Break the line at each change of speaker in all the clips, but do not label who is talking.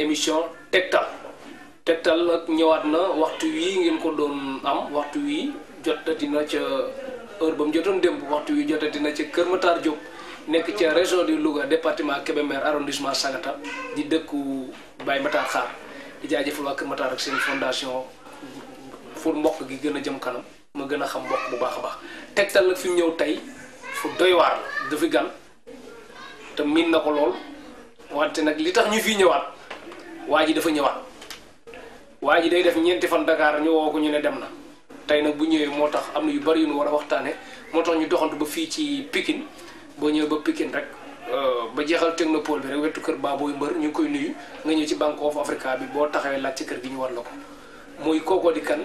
émission tegtal tegtal ak ñëwaat na waxtu wi ngeen ko doon am waxtu wii jotati na ca heure bam jotoon démb waxtu wii jotati ca Kër Matar job nekk ca région de Louga département Kébémer arrondissement Sagata di dëkku Baye Matar Xaar di jaajëfal wa Kër Matar ak seen fondation pour mbokk gi gën a jëm kanam ma gën a xam mbokk bu baax a baax tegtal nag fi mu ñëw tey fu doy waar dafi gan te min na ko lool wante nag li tax ñu fi ñëwaat waji dafa ñëwaat waji day def ñenti fan Dakar ñu woo ko ñu ne dem na tey nag bu ñëwee moo tax am na yu bari yu ñu war a waxtaane moo tax ñu doxantu ba fii ci pikin bo ñëw ba pikin rek euh, ba jeexal technopole bi rek wetu kër Baboy Mbër ñu koy nuyu nga ñëw ci Bank of Africa bi boo taxawee laaj ci kër gi ñu war la ko muy di kan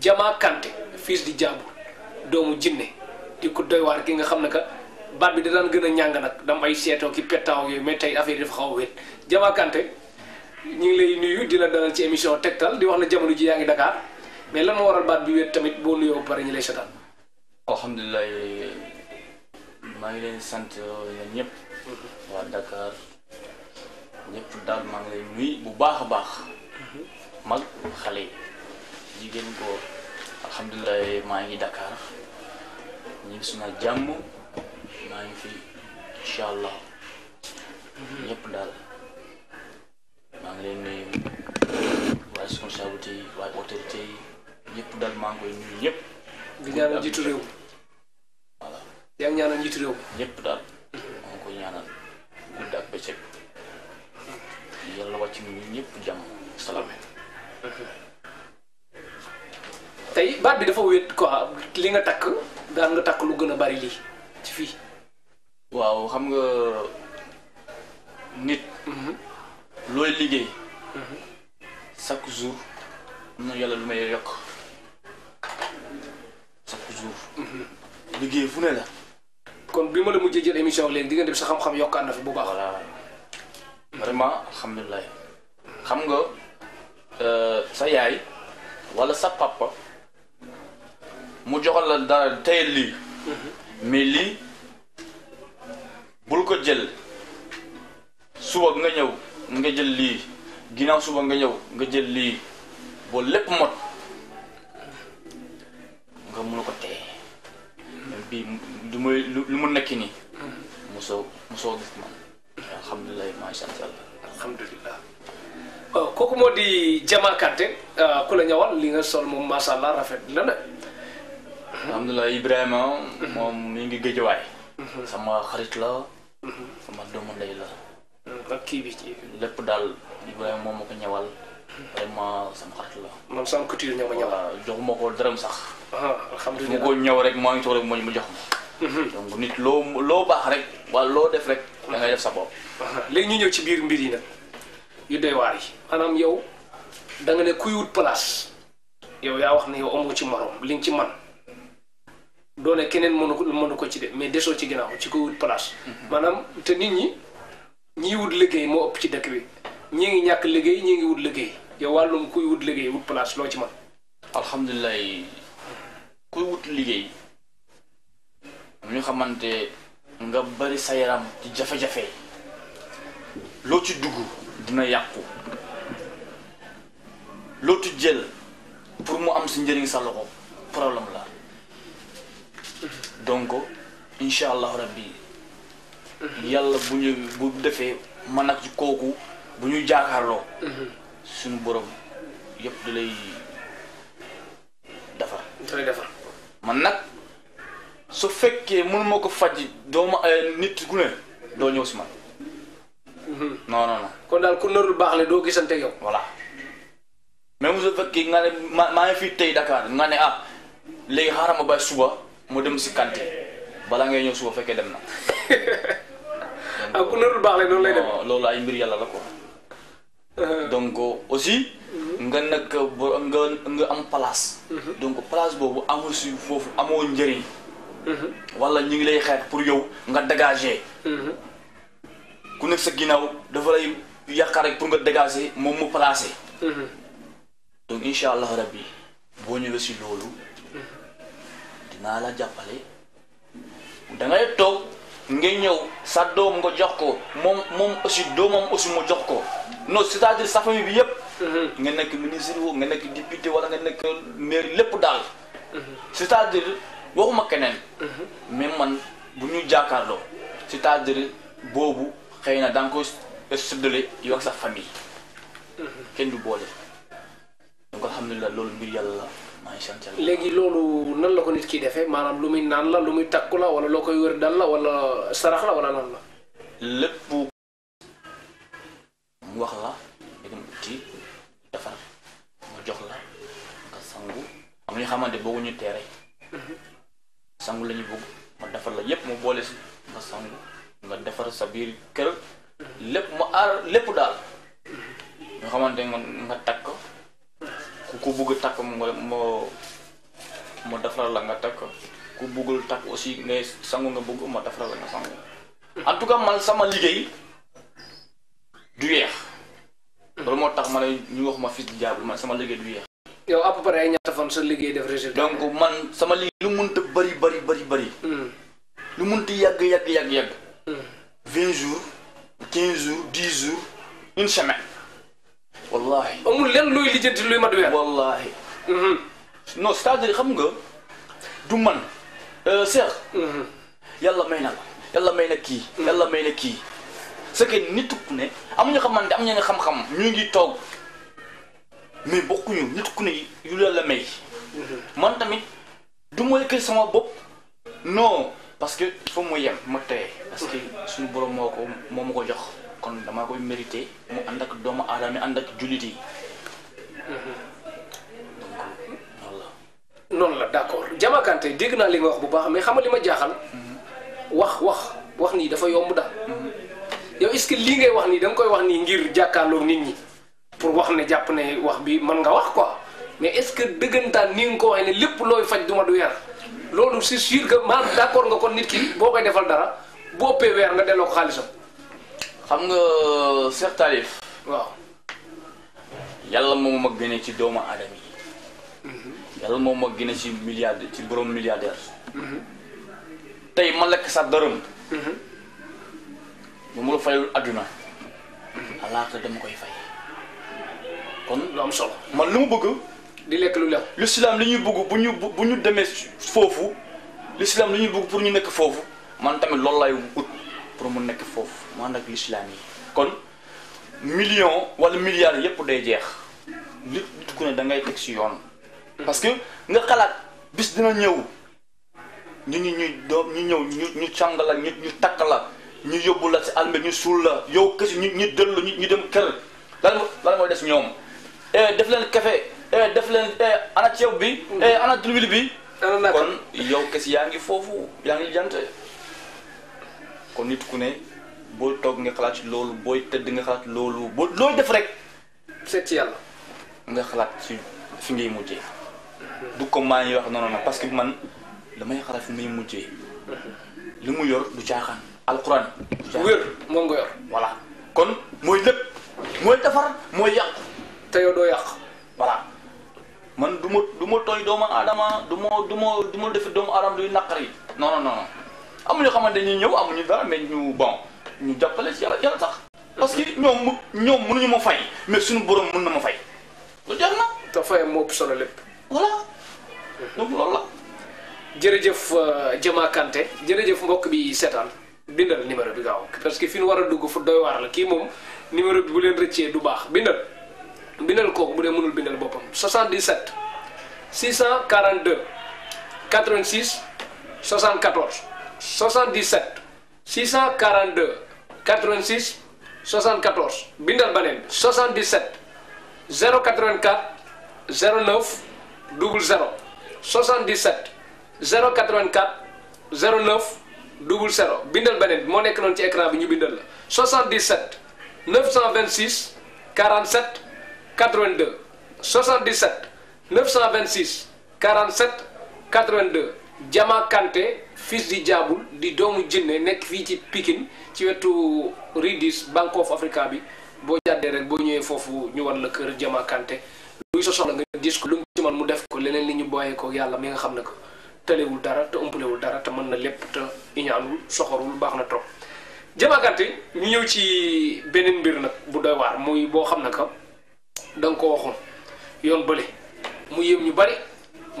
jama kante fils di Diabou doomu jinne di ku doy waar ki nga xam ne que baat bi da daan gën a ñàng nag dam ay ki pettaaw yooyu mais tey affaire yi dafa xaw a ñi ngi lay nuyu di la dalal ci émission tektal di wax na jamono ji yaangi Dakar mais lan moo waral baat bi wéet tamit bo nuyo bari ñi lay sétal alhamdullilah ma ngi leen sant yéen ñëpp waa Dakar ñëpp daal ma ngi lay nuyu bu baax a baax mag xale jigéen góor alhamdullilah maa ngi Dakar ñu ngi suma jàmm maa ngi fi incha allah ñëpp daal. maa ngi leen nuyu waa yi waa autorité yi ñëpp daal maa ngi koy nuyu ñëpp. di ñaanal njiitu réew. voilà yaa ngi ñaanal njiitu réew. ñëpp daal maa ngi koy ñaanal guddi ak bëccëg yàlla wàcc ñu ñëpp jàmm salaam. tey baat bi dafa wéet quoi li nga takk daan nga takk lu gën a bari lii ci fii. waaw xam nga nit. Mhm. looy liggéey mm-hmm. chaque jour am na yàlla lu may yokk chaque jour mm-hmm. liggéey fu ne la kon bi ma la mujjee jël émission leen di nga dem sa xam-xam yokkaan na bu baax vraiment alhamdulilah xam nga euh, sa yaay walla sa papa mu joxal la dara tey lii mm-hmm. mais lii bul ko jël suba nga ñëw nga jël li ginaaw suba nga ñew nga jël li bo lepp mot nga mënu ko téye bi du muy lu mu nekk ni muso muso gis man alhamdullilah ma sha Allah alhamdullilah kooku moo di Jama Kanté ah, ku la ñewal li nga sol moom allah rafet la na alhamdullilah Ibrahima mom mhm. mi ngi mhm. sama xarit la kii bi ci lépp daal di moom ma ko ñawal vraiment sama xarit la moom sama couture ñoo ma ñawal waaw joxuma dërëm sax alhamdulilah ko ñaw rek maa ngi toog rek mu jox ma donc nit lo loo baax rek wala loo def rek da ngay def sa bopp yau, ñu ñëw ci biir mbir yi nag yu doy waar yi maanaam yow da nga ne kuy wut place yow yaa ya wax yow ci morom li ci man doone keneen mënu ko ci de mais ci ci wut place te nit ñi ñii wut liggéey moo ëpp ci dëkk bi ñii ngi ñàkk liggéey ñii ngi wut liggéey yow wàllum kuy wut liggéey wut place loo ci man alhamdulilah kuy wut liggéey ñu xamante nga bari sa yaram ci jafe-jafe loo ci dugg dina yàqu loo ci jël pour mu am si njëriñ sa loxo problème la donk incha allah rabbi yàlla bu ñu bu defee man ak kooku bu ñu jaakaarloo suñu borom yëpp da lay defar da lay defar man nag su fekkee mënu ma ko faj dooma euh, nit ku ne doo ñëw si man mhm. non non non kon daal ku narul baax la doo gisante yow voilà même su fekkee nga maa ngi fi tey Dakar nga ne ah léegi xaaral ma bàyyi suba mu dem si kanté balaa ngay ñëw suba fekkee dem na ah baax la noonu lay demee loolu ay mbir yàlla la ko euh. donc aussi. Mhm. nga nag nga nga am place. Mhm. donc place boobu amul si foofu amoo njëriñ. Mhm. wala ñu ngi lay xeet pour yow nga dégager. ku nekk sa ginnaaw dafa lay yàqaar rek pour nga dégager moom mu placer. donc incha allah rabbi boo ñëwee si loolu. dinaa la jàppale. da toog. nga ñëw sa doom nga jox ko moom moom aussi doomam aussi mu jox ko non cest à sa famille bi yëpp. Mhm. nga nekk ministre woo nga nekk député wala nga nekk maire lépp daal. Mhm. c'est-à-dire waxuma keneen. Mhm. mais man bu ñuy jàkkaarloo. c'est-à-dire boobu xëy na da nga koy séddale yow ak sa famille. kenn du boole. donc alhamdulilah loolu mbir yàlla la. legi loolu nan la ko nit ki defee maanaam lu muy naan la lu muy takku la wala loo wër dal la wala sarax la wala lan la lépp mu wax la dem uti defar nga jox la ka sangu am ñu xamante bëgguñu teere mm-hmm. sangu la ñu bëgg ma defar la yépp mu boole si nga sangu nga defar sa biir kër mm-hmm. lépp mu aar lépp daal mm-hmm. ñu xamante nga takk ku ko bugg takk mo mo mo defaral la nga takk ku buggul takk aussi ne sangu nga bugg mo defaral la nga sangu en tout cas man sama liggéey du yeex loolu mo tax ma ñu wax ma fi diable man sama liggéey du yeex yow à peu près ñaata fan sa liggéey def résultat donc man sama li lu mënta bari bari bari bari hmm. lu mënta yag yag yag yàgg 20 hmm. jours 15 jours 10 jours une semaine wallaahi amul lenn looy lijjanti luy mat weer. wallaahi. Mhm. non cest xam nga du man. Euh, Cheikh. Mhm. yàlla may na la yàlla may na kii. Mhm. yàlla may na kii. c'est que nit ku ne xamante am nga xam-xam ñu ngi toog mais bokkuñu nit ku ne yu la may. man tamit du ma yëkkati sama bopp non parce que il faut mu yem ma tey parce suñu borom moo ko moo ma ko jox. kon dama koy mérité mu ànd ak doomu aadama yi ànd ak jullit yi non la d'accord accord Kanté dégg naa li nga wax bu baax mais xam nga li ma jaaxal wax wax wax ni dafa yomb da yow est ce que lii ngay wax ni da koy wax ni ngir jàkkaarloo nit ñi pour wax ne jàpp ne wax bi man nga wax quoi mais est ce que dëggantaan ni nga ko waxee ne lépp looy faj duma du yar loolu c' est sûr que maanaam d' accord nga kon nit ki boo koy defal dara bu ëppee weer nga delloo ko xaalisam xam nga Cheikh Talif waaw yàlla moo ma gëne ci doomu aadama yi mhm. yàlla moo ma gëne ci milliard ci borom milliardaire mhm. tey ma lekk sax dërëm mhm. bu mu la fayul adduna alaata dama koy fay kon lu am solo man lu mu bëgg di lekk lu lew l'islam li ñuy bëgg bu ñu bu ñu demee foofu l'islam li ñuy bëgg pour ñu nekk foofu man tamit loolu lay ut pour mu nekk foofu mu ànd ak l'islam yi kon million wala milliards yëpp day jeex nit nit ku ne da si yoon. parce que nga xalaat bis dina ñëw ñu ñu ñu doom ñu ñëw ñu ñu càng la ñu ñu takk la ñu yóbbu la si alme ñu suul la yow kese ñu ñu dellu ñu dem kër la lan mooy des ñoom. Eh, def leen kefe eh, def leen eh, ana mm. bi. ana bi. kon yow kese yaa ngi foofu yaa ngi jante. kon nit ku ne boo toog nga xalaat ci loolu booy tëdd nga xalaat loolu boo looy def rek seet ci yàlla nga xalaat ci fi ngay mujjee du ko maa ngi wax parce que man damay xalaat fi may mu yor du caaxaan alquran voilà kon mooy lépp mooy yàq te yàq voilà man du ma du ma tooy doomu aadama du ma du ma du ma def doomu aadama duy naqari am ñoo xamante ñew ñëw amuñu dara mais ñu bon ñu jappalé ci yalla yàlla tax parce que ñom ñoom mënuñu ma fay mais suñu borom mën na ma fay lu jox na ta fay mo op solo lepp voilà donc lool la jërëjëf Diama euh, Kanté jërëjëf mbokk bi sétal bindal numéro bi gaaw parce que fiñu wara dugg fu doy war la ki mom numéro bi bu len rëccee du bax bindal bindal ko bu dé mënul bindal bopam 77 642 86 74 77 642 86 74 bindal baneen 77 084 09 00 77 084 09 00 bindal baneen moo nekk noonu ci écran bi ñu bindal la 77 926 47 82 77 926 47 82 Jama Kanté fils di jaabul di doomu jinne nek fi ci pikin ci wetu Ridis Bank of Africa bi bo jàddee rek bo ñëwee fofu ñu war la kër Diama Kanté luy so soxla nga gis ko lu mu ci man mu def ko leneen li ñu booyee ko yalla mi nga xam ne ko tëlewul dara te ëmpalewul dara te mën na lépp te iñanul soxorul baax na trop Diama Kanté ñu ñëw ci benen mbir nak bu doy war muy bo xam nak ko ko boleh yoon bële mu yëm ñu bari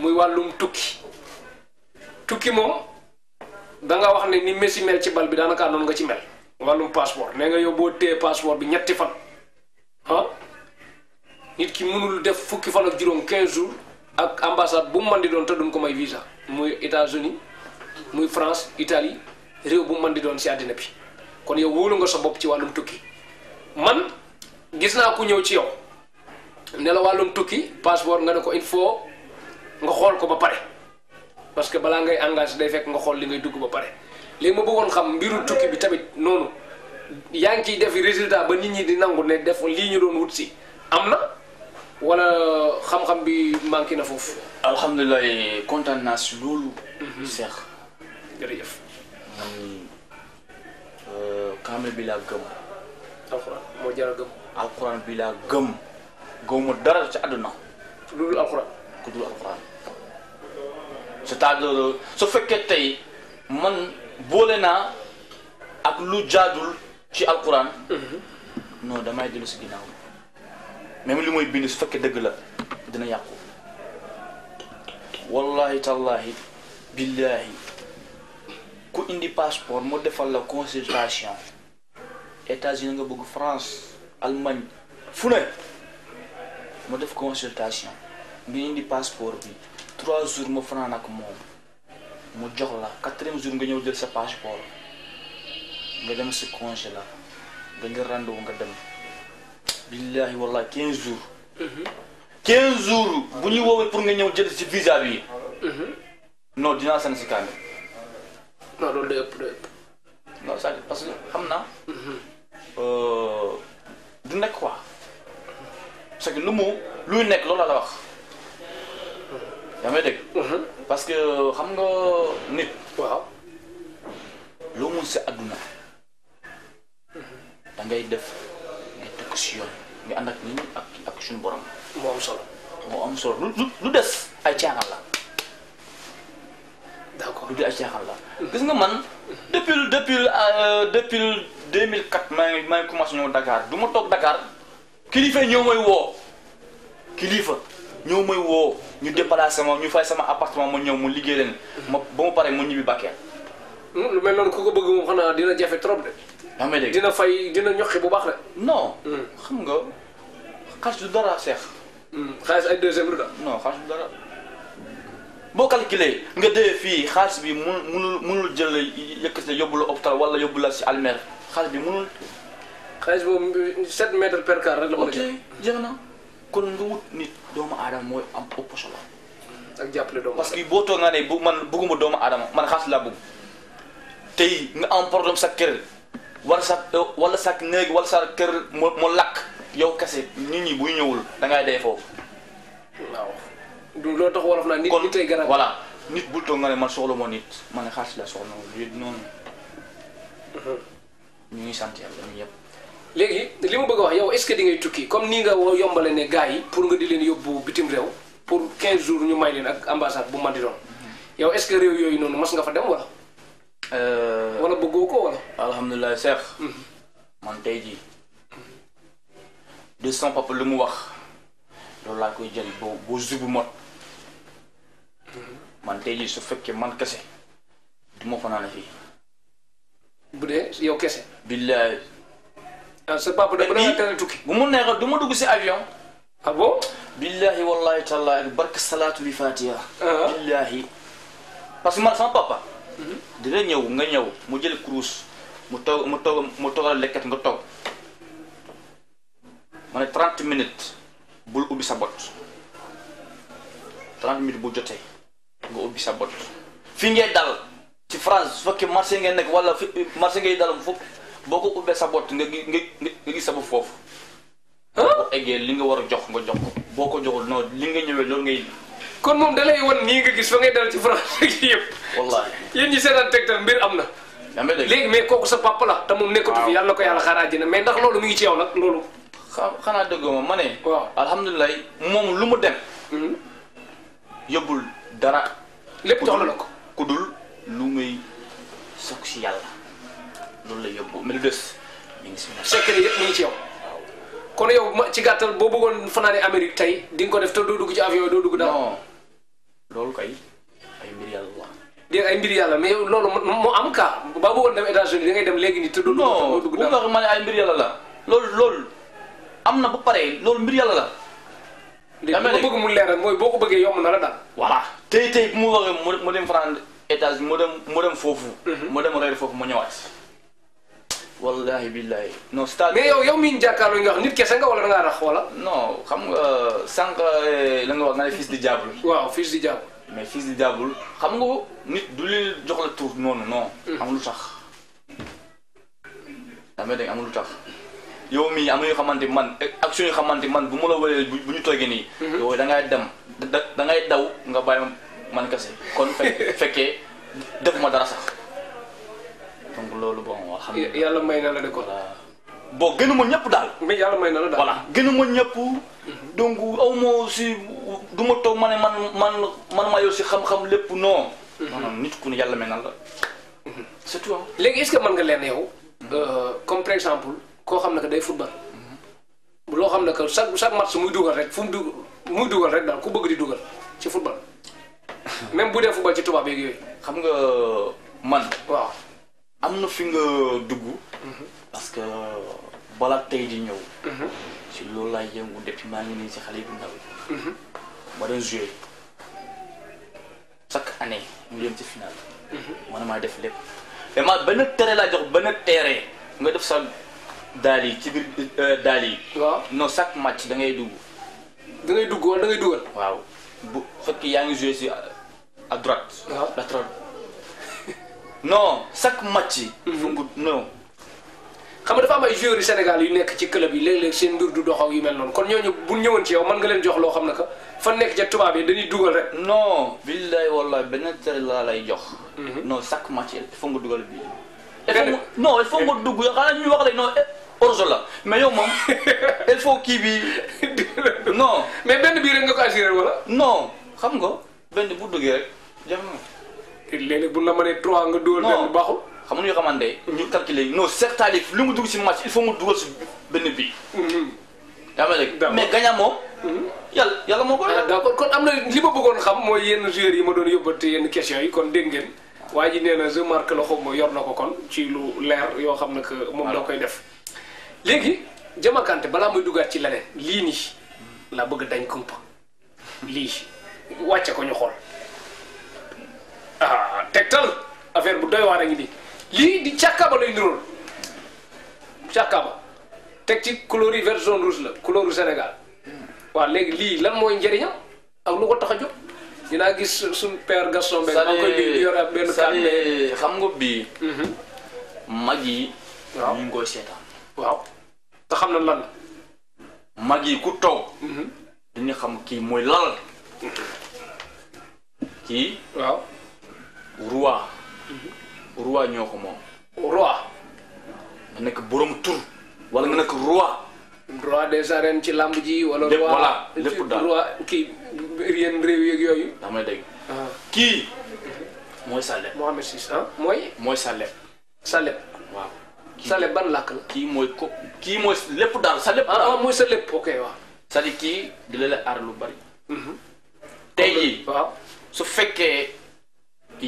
muy walum tukki tukki mo da nga wax ne ni Messi mel ci bal bi daanaka non nga ci mel walum passeport ne nga yo boo téye passeport bi ñetti fan ha nit ki mënul def fukki fan ak juroom 15 jours ak ambassade bu man di doon te duñ ko may visa muy États-Unis muy France Italie réew bu man di doon si adina bi kon yow wolu nga sa bop ci walum tukki man gis na ku ñew ci yow ne la walum tukki passeport nga ne ko il faut nga xol ko ba pare parce que bala ngay engager day fekk nga xol li ngay dugg ba pare léegi ma bëggoon xam mbiru tukki bi tamit nonu yaa ci def résultat ba nit ñi di nangu ne def li ñu doon wut ci amna wala xam-xam bi manki na fofu alhamdullilah content na ci lolu mhm. Cheikh. jërëjëf. man euh, kaamil bi la gëm. alcorane mo jara gëm. alcorane bi la gëm. gëmu dara ci aduna lolu alcorane dul alcorane c'est-à-dire su fekkee tey man boole naa ak lu jaadul ci alquran. Mm-hmm. non damay dellu si ginnaaw même li mooy bind su fekkee dëgg la dina yàqu. wallahi tallahi billahi ku indi passeport moo defal la consultation États-Unis nga bëgg France Allemagne fu ne mu def consultation nga indi passeport bi. trois jours ma fanaan moom mu jox la quatrième jour nga ñëw jël sa passeport nga dem si congé la nga jël rendez dem billaahi wallaahi quinze jours mhm. quinze jours bu ñuy woowee pour nga ñëw jël si visa bi mhm. non dinaa san si kaani non loolu day parce que xam naa mhm. euh, du nekk quoi parce que lu mu luy nekk loolu la wax yaa may dégg. parce que xam nga nit. waaw. loo mun si àdduna. da ngay def nga tëkk si yoon nga ànd ak ñun ak ak suñu borom. moo am solo. moo am solo lu lu des ay caaxaan la. d'accord lu des ay caaxaan la. Mm-hmm. gis nga man depil depuis depuis 2004 euh, maa ngi maa ngi Dakar du ma toog Dakar kilifa ñoo may woo kilifa. ñëw may woo ñu déplacé ma ñu fay sama apartement ma ñëw mu liggéey leen ma ba mu pare mu ñibbi Bakel. Hmm, lu mel noonu ku ko bëgg moom xanaa dina jafe trop de. yaa ngi dégg dina fay dina ñoqi bu baax de. non. Hmm. xam nga xaalis du dara seex. Hmm, xaalis ay deuxième lu da non xaalis du dara. boo calculé nga dee fii xaalis bi mu munul munul jël yëkkati yóbbu la hôpital wala yóbbu la si almer xaalis bi munul. xaalis boobu 7 mètres per quart rek la ko. ok jeex na. kon nga wut nit doomu adam mooy am ëpp solo ak jàppale doomu parce que boo toog nga ne bu man bugguma doomu adam man xaas laa bugg tey nga am problème sa kër wala sa wala sa néeg wala sa kër mo mo lakk yow kese nit ñi bu ñëwul da ngay dee foofu waaw du loo tax wolof naa nit nit ay garab voilà nit bu toog nga ne man soxla moo nit man xaas la soxla moo nit noonu mhm. ñu ngi sant yàlla ñu yëpp legi li mu bëgg wax yow est-ce que di ngay tukki comme ni nga woo ne pour nga di leen bu bitim réew pour 15 jours ñu may leen ak bu man di doon yow est-ce que réew yooyu mas nga fa dem wala. Euh, wala bëggoo ko wala. Alhamdulillah Cheikh. Mhm. man tey jii. de son papa lu mu wax loolu laa koy jël mot. Mhm. man su man kese Dimo ma fanaan Bude, bu kese. Bilai Ah, c'est pas pour le premier tukki bu mu neexal du ma dugg si avion ah bon billahi wallahi tallahi barke salatu li fatiha ah. billahi parce que man papa mhm. dina ñëw nga ñëw mu jël kurus mu toog mu toog mu toogal lekkat nga toog ma 30 minutes bul ubbi sa bot 30 minutes bu jotee nga ubbi sa bot fi ngay dal ci France su fekkee marché ngay nekk wala fi marché ngay dal foofu boo ko ubbee sa bott nga gis nga gis sa bopp foofu. boo eggee li nga war a jox nga jox boo ko joxul non li nga ñëwee loolu ngay. kon moom da lay wan nii nga gis fa ngay dal ci France ak yëpp. wallaahi yéen ñi seetaan Tektal mbir am na. léegi mais kooku sa papa la te moom nekkatu fi yàlla na ko yàlla xaaraa jënd mais ndax loolu mi ngi ci yow nag xanaa déggoo ma ma ne. waaw alhamdulilah moom lu mu dem. Hmm? yóbbul dara. lépp jox la ko ku dul lu muy sok si yàlla. loolu la yóbbu mais mi ngi si ñoom. secret yëpp mi ngi ci yow. waaw kon gàttal boo bëggoon fanaane Amérique tey di ko def te doo dugg ci avion doo loolu kay ay mbir yàlla wax. dégg ay mbir am ka ba bëggoon ngay dem léegi nii te doo dugg dara ma ne ay la loolu loolu na ba pare loolu mbir yàlla la. yaa ngi bëgg mu leeral mooy boo ko bëggee yomb na la daal. voilà tey tey bu mu waxee mu dem France États-Unis mu foofu. Mhm. mu reer foofu mu ñëwaat. wallahi billahi non stade mais yow yow miin jàkkaarloo nga wax nit kese nga wala da ngaa rax wala. non xam nga sànq eh, la nga wax nga ne fils di diable. waaw fils di diable. mais fils di diable xam nga nit du li jox la tur noonu non. Hmm. am lu tax. damay dégg am lu tax yow mii am na yoo xamante man eh, action yoo xamante man bu ma la wëree bu ñu toogee nii. Hmm. yow da ngay dem da da ngay daw nga bàyyi man kese kon fekkee ma dara sax. donc loolu bon xam yàlla may na la de ko bon gënuma ñëpp daal mais yàlla may na la daal voilà gënuma ñëpp donc aw ma si du ma toog ma ne man man man maa yor si xam-xam lépp non mhm. non non nit ku ne yàlla may na la c'est mhm. tout léegi est-ce que mën nga leen yow mhm. euh, comme par exemple koo xam ne que day football loo xam ne que chaque chaque match muy dugal rek fu mu dug muy dugal rek daal ku bëgg di dugal ci football même bu dee football ci tubaab yeeg yooyu xam nga man waaw amna fi nga dugg mhm. parce que bala tay di ñew si mhm. lo lay yëngu depuis ma ngi ni ci xalé bu ndaw ba mhm. doon jouer chaque année ñu yëm ci final man ma def lepp mais ma ben terrain la jox ben terrain nga def sa dali ci bir euh, dali non chaque match da ngay dugg da ngay dugg wala da ngay dugal waaw bu fekk ngi joué si euh, à droite latéral non chaque match. yi mu mhm. non. xam nga dafa am ay joueurs yu Sénégal yu nekk ci club yi léeg-léeg seen mbir du doxaw yu mel noonu kon ñooñu bu ñëwoon ci yow mën nga leen jox loo xam ne que fa nekk ca tubaab yi dañuy dugal rek. non. billaay wallaay benn tere laa lay jox. Mhm. non chaque match il faut nga dugal bi non il nga dugg yow xanaa ñuy wax rek non eh, orzo la mais yow moom il kii bi non. mais benn bii rek nga ko assuré wala. non xam nga benn bu duggee rek jafe léeg-léeg bu na mënee 3 nga dóor. non benn baaxul. xam nga nu ñu xamante ne. ñu calculé non Cheikh Talif li mu dugg si match il faut mu dugal si benn bi. Mhm. yaa ngi rek mais gaña mhm. yàlla yàlla moo ko doon. Ah, d'accord kon am na li ma bëggoon xam mooy yenn joueurs yi ma doon yóbbante yenn questions yi kon dégg ngeen. waa ji nee na je marque la xaw ma yor na ko kon ci lu leer yoo xam ne que moom da koy def. léegi Diama balaa muy dugaat ci leneen lii nii laa bëgg dañ kumpa lii wàcce ko ñu xool. ah tegtal affaire bu doy waar a ngi nii lii di càkkaaba lay niroon càkkaaba teg ci couleur yi vert jaune la couleur Sénégal waaw léegi lii lan mooy njariñam ak lu ko tax a jóg dinaa gis su père Gaston Mbengue. maa koy nga bii. Mhm. mag yi. waaw te xam na lan mag yi ku toog. Mhm. dañuy xam kii mooy lan mhm. kii. waaw. roi roi ñoo ko moom roi nga nek borom tur wala nga nek roi roi des arènes ci lamb ji wala roi voilà lepp daal roi kii rien réew yeeg yooyu daa damay deg ki ah. moy Salep Mohamed Sis ah moy moy Salep Salep waaw Salep ban lak la ki moy ko ki moy lepp dal Salep ah moy sa lépp ok waaw cest ki dila la ar lu bari mhm. tay jii waaw su fekkee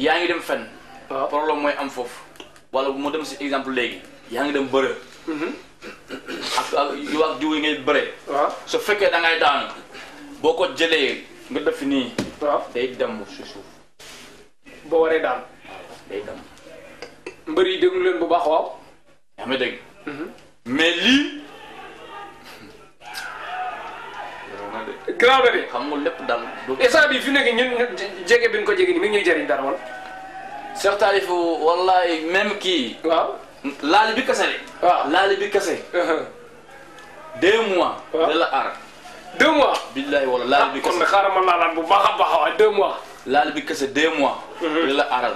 yaa ngi dem fen waaw ah. problème mooy am foofu. wala bu ma dem si exemple léegi. yaa ngi dem bëre. Mhm. ak ak yu ak jiw yi ngay bëre. waaw ah. su fekkee da ngay daanu boo ko jëlee nga def nii. waaw ah. day dem si suuf. boo waree daanu. day dem. mbër yi déglu leen bu baax waaw. yaa ngi dégg. Mhm. mais lii. Tivaouane xam nga lépp dal instant bi fi nekk ñu jege bi ñu ko jege ni mi ngi ñuy jëriñ dara wala Cheikh Talif wallaay même kii waaw laali bi kase de waaw laali bi kase uh-huh. de mois da la aar deux mois billahi wala laal bi kase ah, kon xaaral ma laalaat baax a mois laali bi kase deux mois uh-huh. da la aaral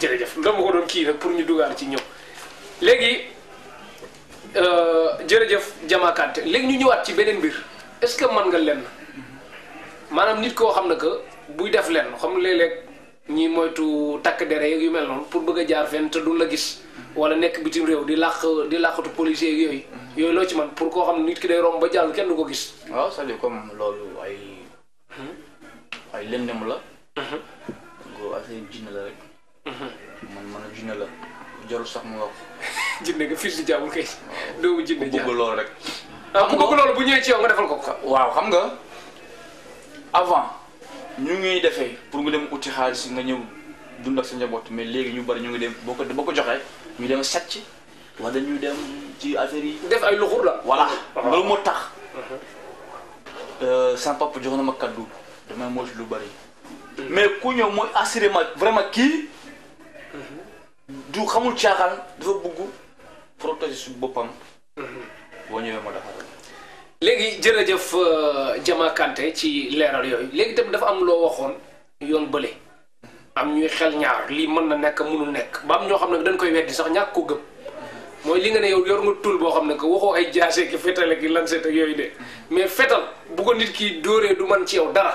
jërëjëf dama ko doon kii pour ñu dugaal ci ñëw léegi euh, jërëjëf Diama Kanté léegi ñu ñëwaat ci beneen mbir est ce que man nga len manam nit ko xamna ko buy def len xam léeg-léeg ñi moytu tak dere yu mel non pour bëgg jaar fen te du la gis wala nek bitim rew di làq di làqatu policier yeeg yoy yooyu loo ci man pour ko xam nit ki day romb ba jall kenn du ko gis waaw salut comme lolu ay ay lëndëm la mhm. go affaire jinne la rek mhm. man man a la jarul sax mo wax jinne nga fils si jaamul kay doomu jinne bu bu loolu rek ku ah, bëgg loolu bu ñëwee ci yow nga defal ko waaw xam nga avant ñu ngi defee pour nga dem uti xaalis nga ñëw dund ak sa njaboot mais léegi ñu bari ñu ngi dem boo ko boo ko joxee ñu dem sàcc wala ñu dem ci affaire yi. def ay luxur la. voilà loolu moo tax. Mhm. Euh, san papa jox na ma kaddu damay moytu lu bari. Mhm. mais ku ñëw mooy assuré ma vraiment kii. Mhm. du xamul caaxaan dafa bëgg protéger su boppam. boo ñëwee ma defal léegi jërëjëf Diama euh, kante ci leeral yooyu léegi tamit dafa am loo waxoon yoon bële am ñuy xel ñaar lii mën na nekk mënul nekk ba am ñoo xam ne dañ koy weddi sax ñàkk ko gëm mooy li nga ne yow yor nga tul boo xam ne que waxoo ay jaase ki fetale ki lancet ak yooyu mais fetal bu ko nit ki dóoree du man ci yow dara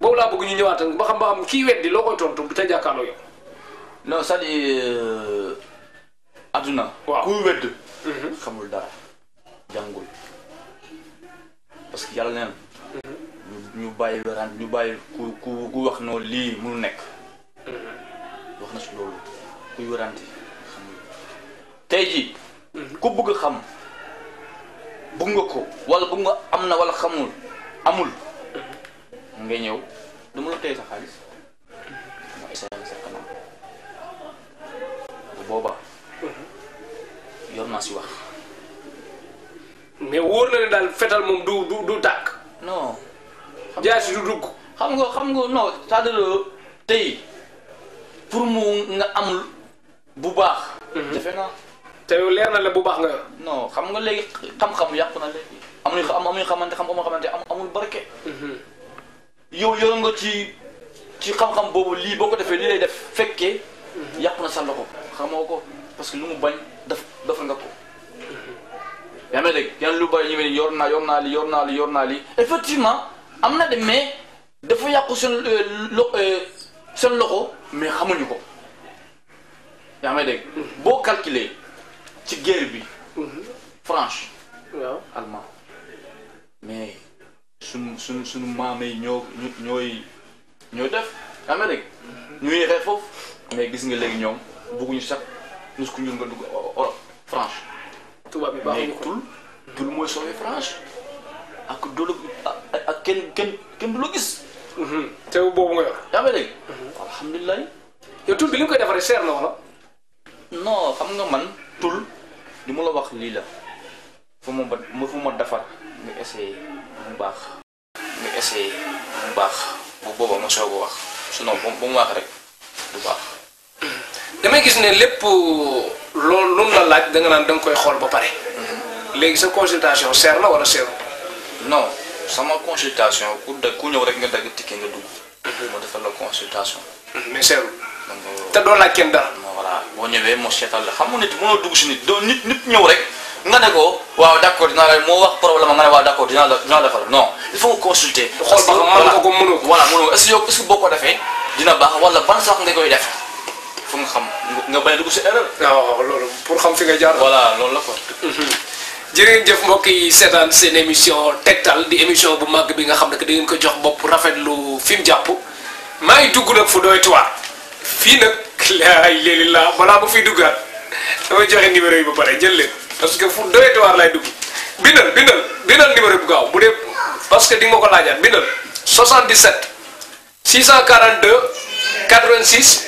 boobu laa bëgg ñu ñëwaat ba xam ba xam kii weddi loo koy tontu bu ca jàkkaarloo yow. non cest euh, adduna. waaw ku wedd. Mhm. xamul dara jàngul. parce que yàlla neen ñu bàyyi werante ñu bàyyi ku ku ku wax noo lii mënu nekk wax na si loolu kuy werante tey ji ku bëgg xam bu nga ko wala bëgg nga am na wala xamul amul nga ñëw duma la tey sa xaalis ma essayé sa kanam boobaa yor naa si wax mais wóor na leen daal fetal moom du du du tàkk. non. jaasi du dugg. xam nga xam nga non cest à tey pour mu nga amul bu baax. Mhm. jafe na. te leer na la bu baax nga yor. xam nga léegi xam-xam yàqu na léegi. amuñu xam amuñu xamante xam amuñu xamante amul barke. Mhm. yow yor nga ci ci xam-xam boobu lii boo ko defee lii lay def fekkee. Mhm. yàqu na sa ko xamoo ko parce que lu mu bañ def defal nga ko. yaa ngi dégg yan lu bari ñu ne yor naa yor naa li yor naa li yor naa li effectivement am na de mais dafa yàqu seen euh, lo euh, seen loxo mais xamuñu ko yaa ngi dégg mm-hmm. calculer ci guerre bi. Mm-hmm. France. waaw allemand mais suñu suñu suñu maam yi ñoo def yaa ngi mm-hmm. mais gis nga léegi ñoom bëgguñu sax nus ku ñu nga dugg Europe tuba bi baaxul dul moy sauvé France ak dul ak ken ken ken du gis hmm te boobu nga yor. yaa ngi dégg. alhamdulilah. yow tul bi li nga koy defare cher lolo non xam nga man tul li mu la wax li la fu ma ma fu ma defar nga essay bu baax. nga essay bu baax. bu boobaa ma soog a wax sinon bu mu wax rek bu baax. damay gis ne lépp loolu lu la laaj da nga naan da koy xool ba pare. léegi sa consultation seer na wala seeru. non sama consultation ku de ku ñëw rek nga dagg tikki nga dugg. Mhm. ma defal la consultation. Mhm, mais seerul. Euh, te doo laaj kenn dara. voilà boo moo seetal la xam nga nit mënoo dugg si nit doo nit nit ñëw rek. nga ne ko waaw d'accord dinaa la moo wax problème nga ne waaw d'accord dinaa la dinaa defal non il faut consulter. xool ko mënoo ko voilà mënoo est-ce que boo ko defee dina wala ban sax nga koy def. Ya, mhm. fu e mu xam nga bañ a dugg si sih ngajar. loolu pour xam fi nga jaar. voilà loolu la quoi. jërëjëf mbokk yi seetaan seen émission tegtal di émission bu mag bi nga xam ne que da ngeen ko jox bopp rafetlu fi mu jàpp maa ngi dugg nag fu doy tuwaar fii nag laay léegi laa balaa ma fiy duggaat damay joxe numéro yi ba pare jël leen parce que fu doy tuwaar laay dugg bindal bindal bindal numéro bu gaaw bu dee parce que di nga ma bindal 77 642 86.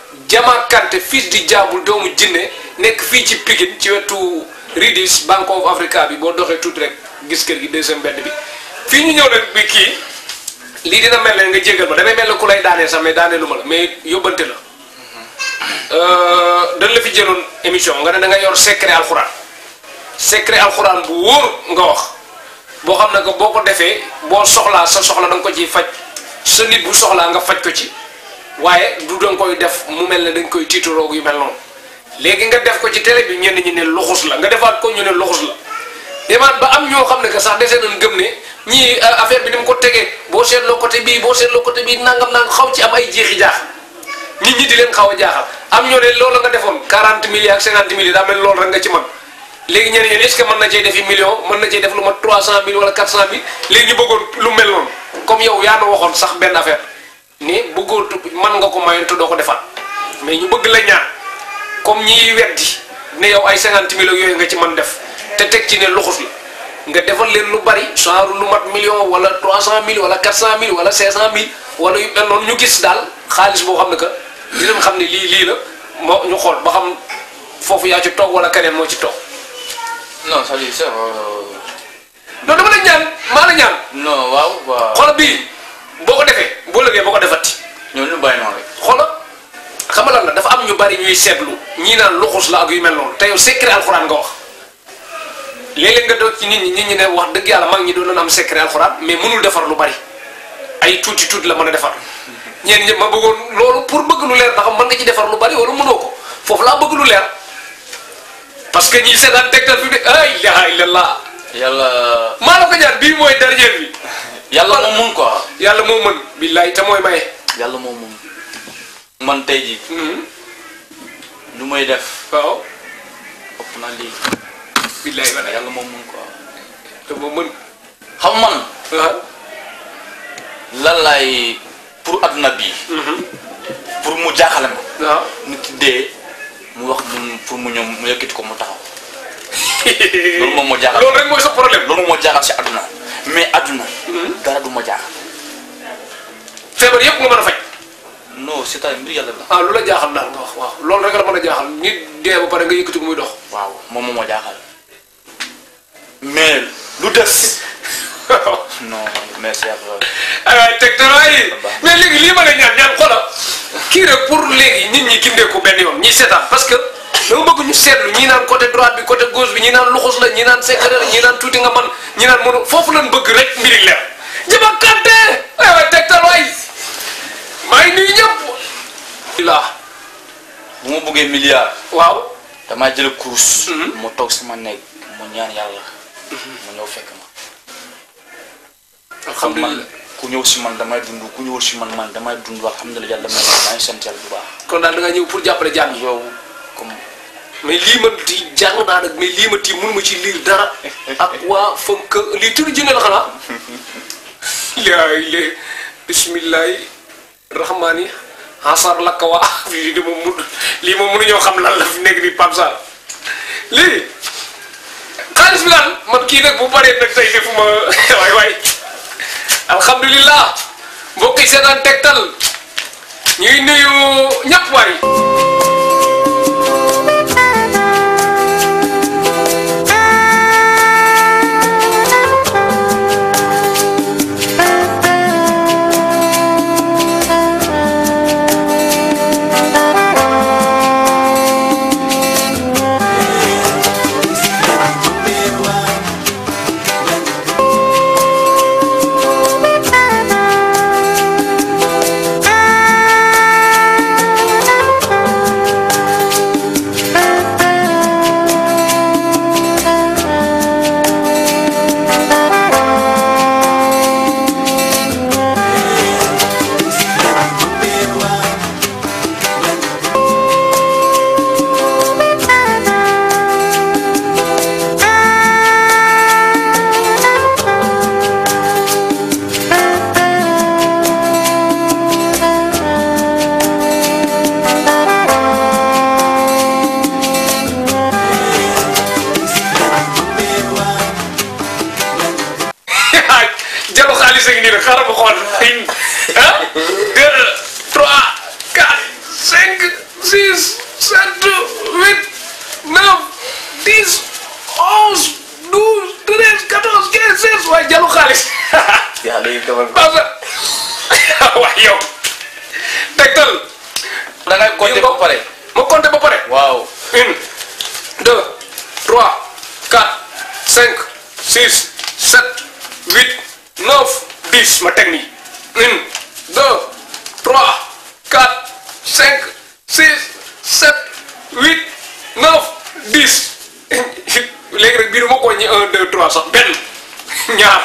Jama Kanté fiis di jaabul doomu jinne nekk fii ci Pikine ci wetu Ridis Bank of Africa bi boo doxee tuuti rek gis kër gi deuxième mbedd bi fii ñu ñëw nag bi kii lii dina mel ne nga jégal ma damay mel ne ku lay daanee sax mais daanee lu ma la mais yóbbante la euh, dañ la fi jëloon émission nga ne da nga yor secret alxuraan secret alxuraan bu wóor nga wax boo xam ne que boo ko defee boo soxlaa sa soxla da nga ko ciy faj sa nit bu soxlaa nga faj ko ci waaye du danga koy def mu mel ne dañ koy tiitaroog yu mel noonu léegi nga def ko ci télé bi ñenn ñi ne luxus la nga defaat ko ñu ne luxus la demaat ba am ñoo xam ne que sax dese nañ gëm ne ñii euh, affaire bi ko tegee boo seetloo côté bii boo seetloo côté bii nangam nangam xaw ci am ay jeexi jaax nit ñi di leen xaw a jaaxal am ñoo ne loolu nga defoon 40 millions ak 50 millions daa mel loolu rek nga ci mën léegi ñeneen ñi est que mën na cee defi million mën na cee def lu ma 300 mille wala 400 mille léegi ñu bëggoon lu mel noonu comme yow yaa waxoon sax benn ne bëggoon man nga ko mayoonte doo ko defaat mais ñu bëgg la ñaan comme ñiy weddi ne yow ay cinquante millions yooyu nga ci man def te teg ci ne luxus la nga defal leen lu bari genre lu mat million wala trois cent mille wala quatre cent mille wala cinq cent mille wala yu mel noonu ñu gis daal xaalis boo xam ne que dinañ xam ne lii lii la moo ñu xool ba xam foofu yaa ci toog wala keneen moo ci toog. non ça dit ça. Euh, non dama la ñaan maa la ñaan. non waaw bii. boo ko defee boo lëgee boo ko defati ñooñu ñu bàyyi noonu xam nga la dafa am ñu bari ñuy seetlu ñii naan luxus la ak yu mel noonu te yow secret alxuraan nga wax léeg nga doog ci nit ñi nit ñi ne wax dëgg yàlla man ñi doon doon am secret alxuraan mais mënul defar lu bari ay tuuti tuuti la mën a defar ñeen ñëpp ma bëggoon loolu pour bëgg lu leer ndax mën nga ci defar lu bari wala mënoo ko foofu laa bëgg lu leer parce que ñi seetaan tegtal fi mu ne ay ilaha illallah yàlla maa la ko ñaan bii mooy dernier bi yàlla moo mën quoi. yàlla moom mën. billaay te mooy maye. yàlla moom mën. man tey jii. Hmm? lu may def. waaw. ëpp naa lii. billaay ba yàlla moom mën quoi. te moo mën. xam man. lan laay pour adduna bi. Hmm? pour mu jaaxale ma. waaw nit dee mu wax mu pour mu ñëw mu yëkkati ko mu taxaw. loolu moom moo jaaxal loolu rek mooy sa problème. loolu moo jaaxal si adduna. mais adduna. Mm-hmm. dara du ma jaaxal. feebar yëpp nga mën faj. non c'est à yàlla la. ah lu la jaaxal daal waaw loolu rek la mën a jaaxal nit dee ba pare nga yëkkati ko muy dox. waaw moom moo ma jaaxal. mais lu des. non merci beaucoup. aywa tegtaloo yi mais léegi lii ma lay ñaan ñaan xoolal kii rek pour léegi nit ñi gindee ko benn yoon ñi seetaan parce que. dama bëgg ñu sétlu ñi naan côté droite bi côté gauche bi ñi naan luxus la ñi naan secret la ñi naan tuuti nga man ñi naan mënu fofu lañ bëgg rek mbiri leer jëma kanté eh ay way tegtal way may ni ñëpp la bu mu bëggee milliard waaw dama jël kurus mhm. mu toog sama nekk mu ñaan yàlla mhm. mu ñëw fekk ma alhamdulillah ku ñëw si man damay dund ku ñëwul si man man damay dund alhamdulillah yàlla may maa ngi sant yàlla bu baax kon daal da nga ñëw pour jàppale jàmm yow comme mais lii ma di jàng naa nag mais lii ma di mun ma ci liir dara ak waa fam que lii tur jëngal xanaa laay lé bismillahi rahmaani hasar lakka waa lii dama mun lii ma mënu ñoo xam lan la fi nekk di pam sa lii xaalis bi man kii nag bu baree nag tey defuma waay waay alhamdulillah mbokk yi seetaan tegtal ñuy nuyu ñëpp waay 4 5 6 7 8 9 10 ma teg nii 1 2 3 4 5 6 7 8 9 10 léegi rek biir ma ko ñi 1 2 sax benn ñaar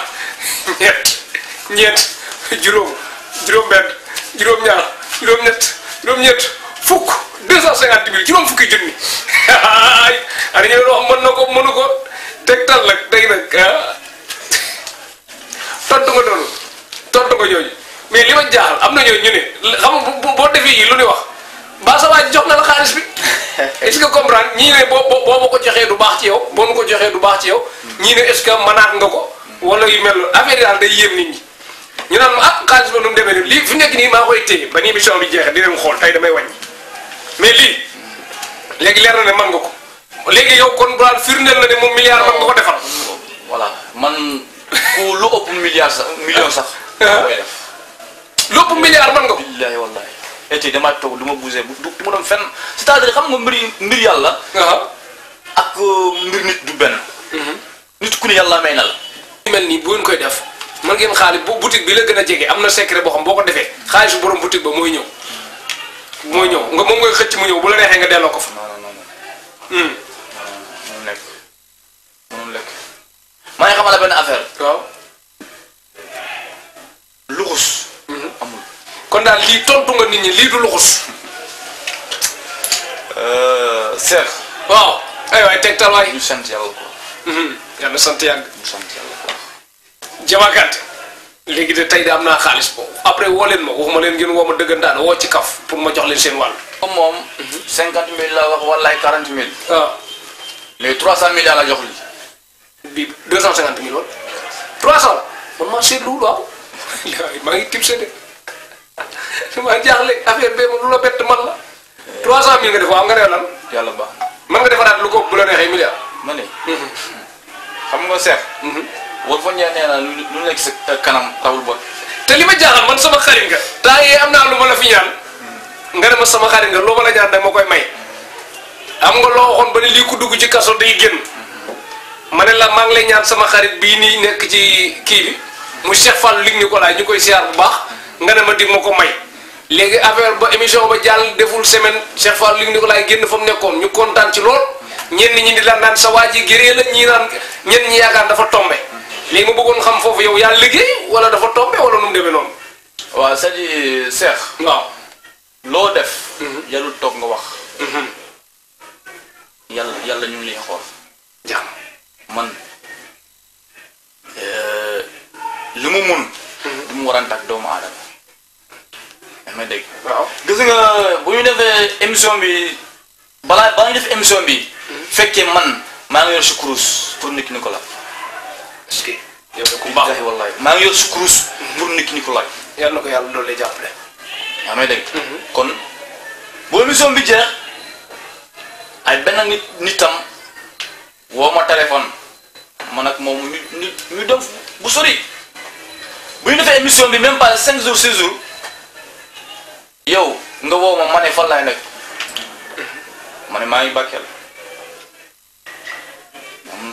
ñett ñeent juróom juróom benn juróom ñaar juróom ñett juróom ñett fukk deux cent cinquante ci juróom fukki junni ay ana ñoo wax mën na ko mënu ko tegtal nag day nag ah. tontu nga doon tontu nga ñooñu mais li ma jaaxal am na ñooñu ñu ne xam nga boo defee yi lu ne wax mbaa sa waaj jox na la xaalis bi est-ce que ñii ne boo boo ko joxee du baax ci yow boo ko joxee du baax ci yow ñii ne est-ce que nga ko wala yu mel affaire yi daal day yéem nit ñi ñu naan ah xaalis ba nu mu demee lii fi nekk nii maa koy téye ba ni bi jeexee Meli, lagi léegi leer na ne man nga ko léegi yow kon bu daan firndeel na ne milliard man nga defal. voilà man ku lu pun milliard sax million sax. lu ëpp milliard man nga ko. billaahi wallaahi et damaa toog du ma bougé du du ma doon fenn c'est-à-dire xam nga mbir mbir yalla ak euh, mbir nit du benn. Mhm. nit ku ne yàlla may na la. mel nii bu ngeen koy def man ngeen xaalis bu boutique bi la gën secret xam xaalisu borom boutique ba mooy ñëw nga moom ngay xëcc mu ñëw bu la neexee nga delloo ko fa. non hmm. maa ngi xamal la benn affaire. waaw. luxus. Hmm. amul. kon daal lii tontu nga nit ñi lii du luxus. Cheikh. waaw. aywaay tegtal waay. ñu sant yàlla ko. Hmm. yàlla sant ko. Diama légui de tay da amna xaliss bo après wo len ma waxuma len ngeen woo ma dëggantaan woo ci kaf pour ma jox len sen wal mom moom. cinquante la wax wallahi 40000 ah les 300000 la jox li bi 250000 cent 300 mon ma trois cent man ma seetlu wul waaw. maa ngi tibb seede damaa jaaxle affaire bee mo lu la bett man la. 300000 nga def waaw nga ne lan. yàlla baax man nga defaraat lu ko bu la nexé milliard. mané ne. xam nga seet war fa ñaa ya nee lu nekk sa kanam tawul te man sama xarit nga daa yee am naa lu la fi ñaan hmm. nga ne ma sama xarit nga loo la ñaan da ma koy may am nga loo waxoon ba ne lii ku dugg ci day hmm. la mang lay ñaan sama xarit bini nii nekk ci kii bi mu Cheikh Fall lig ni ko laay ñu koy siyaar bu baax nga ne ma dig may affaire ba émission ba deful semaine Cheikh Fall lig ni ko laay génn fa mu nekkoon ñu kontaan ci lool ñenn ñi di daan naan sa waa la ñi dafa léegi ma bëggoon xam foofu yow yaa liggéey wala dafa tombé wala nu mu demee noonu. waaw c'est-à-dire loo def. yàlla mhm. toog nga wax. Mhm. yàlla yàlla ñu ngi lay xool. jàmm man euh, li mu mun. Mhm. du mu warante ak doomu aadama. ma dégg. waaw gis nga bu ñu defee émission bi balaa balaa ñu def émission bi fekkee man maa ngi yor si kurus pour nit ko la. est que yow maa ngi yor sukurus. pour nit ñi ko laaj. yal na ko yàlla loolu lay jàppale. yaa may dégg. Mhm. kon bu émission bi jeex ay benn nit nitam woo ma téléphone man ak moom ñu ñu ñu dem bu sori bu ñu defee émission bi même pas cinq jours six jours yow nga woo ma ma ne fan laay nekk mhm. ma ne maa ngi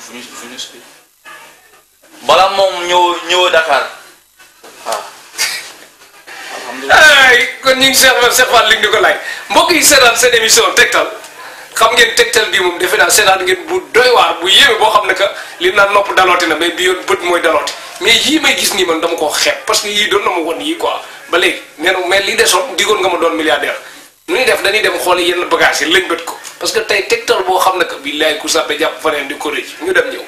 fu ñu fu ñu bala moom ñëw ñëw Dakar waaw. Ah. alhamdulilah ay kon ñu ngi seqal seqal li ñu ko yi seetaan seen émission ngeen tegtal bii moom defe naa seetaan bu doy waar bu yéeme boo xam ne que li naa nopp dalooti na mais bi yoon bët mooy dalooti mais yii may gis nii man dama ko xeeb parce que yii doon na ma won yii quoi ba léegi nee na mais li desoon digoon nga ma doon milliardaire. nu ñuy def dañuy dem xool yenn bagages yi lañ bët ko parce que tey tegtal boo xam ne que billaay ku sàppe jàpp faneen di ko ñu dem ñëw.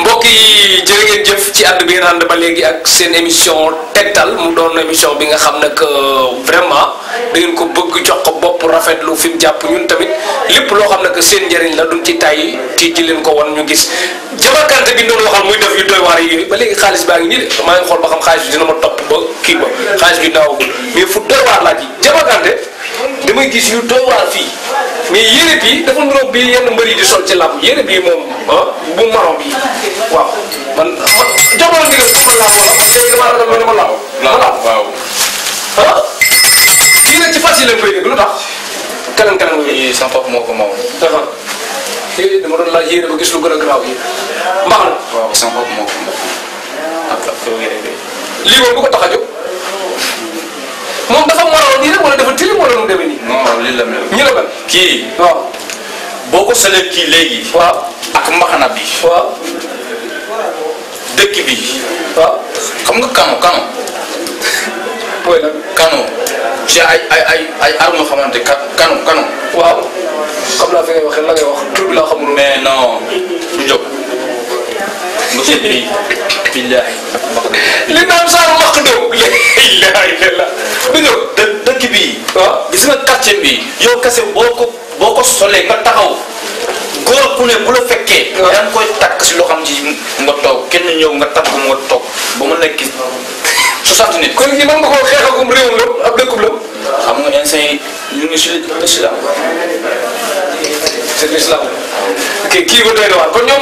mbokk yi jërë jëf ci ànd bi ngeen ànd ba léegi ak seen émission tegtal mu doon émission bi nga xam nag euh, vraiment da ngeen ko bëgg jox ko bopp rafetlu fi mu jàpp ñun tamit lépp loo xam ne seen njëriñ la duñ ci tàyyi ci ji leen ko wan ñu gis jabarkante bi doon waxal muy def yu doy waar yi ba léegi xaalis baa ngi nii de maa ngi xool ba xam xaalis bi dina ma topp ba kii ba xaalis bi naawagul mais fu doy waar laa ji jabarkante damay gis yu towa fi mais yére bi dafa ndro bi yenn mbër yi di sol ci lamb yére bi mom hein ah, bu maroon bi waaw man ah, jox ma la dama la ma laaw wala léegi damaa ragal ma ne ma waaw hein ah. kii nag ci fas yi lañ koy lu tax kanam kanam la. yii pop moko mom dafa dama don la yére ba gis lu gëna graw yi mbaax waaw sama pop moko mom ak ak yére bi li wo bu ko taxaju moom dafa moroon nii rek wala dafa tilim wala nu mu demee nii. non lii la mel. ñu la mel kii. waaw boo ko sëlee kii léegi. waaw ak mbaxana bi. waaw dëkk bi. waaw xam nga kano kano. mooy nag kano. ci ay ay ay ay armes xamante ka kano kano. waaw xam naa fi ngay waxee la ngay wax tur bi laa xamul. mais non du jóg nga sëb bi. billahi li naan Sarr lakk doom la ilaha illallah bi nga ah, dëkk bii waaw gis nga quartier bi yow kese boo ko boo ko solee ba taxaw góor ku ne bu la fekkee ah. yaa koy takk si loo xam ci nga toog kenn ñëw nga takk nga toog ba mu nekk soixante nit kon ñi mën nga koo xeexagum réewum la ab dëkkub la xam nga ñoom